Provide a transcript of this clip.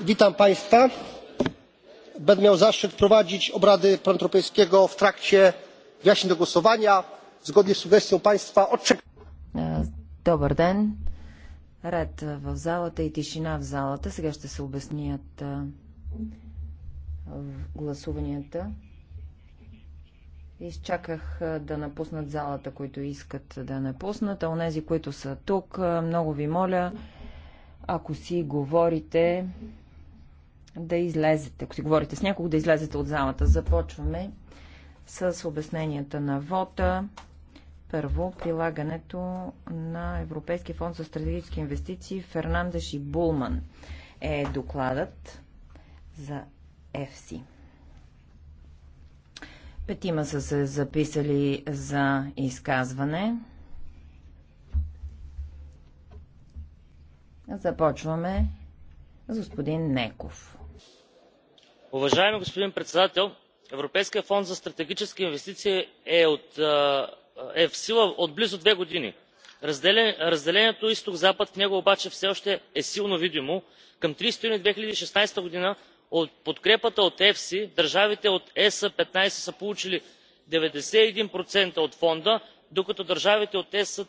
witam państwa. będę miał zaszczyt prowadzić obrady parlamentu europejskiego w trakcie wyjaśnień do głosowania. zgodnie z sugestią państwa Добър ден! Ред в залата и тишина в залата. Сега ще се обяснят гласуванията. Изчаках да напуснат залата, които искат да напуснат, а онези, които са тук, много ви моля, ако си говорите, да излезете. Ако си говорите с някого, да излезете от залата. Започваме с обясненията на вота. Първо, прилагането на Европейския фонд за стратегически инвестиции Фернандеш и Булман е докладът за ЕФСИ. Петима са се записали за изказване. Започваме с господин Неков. Уважаеми господин председател, Европейския фонд за стратегически инвестиции е, от, е в сила от близо две години. Разделението изток-запад в него обаче все още е силно видимо. Към 30 юни 2016 година от подкрепата от ефси държавите от ес петнадесет са получили деветдесет и един от фонда докато държавите от ес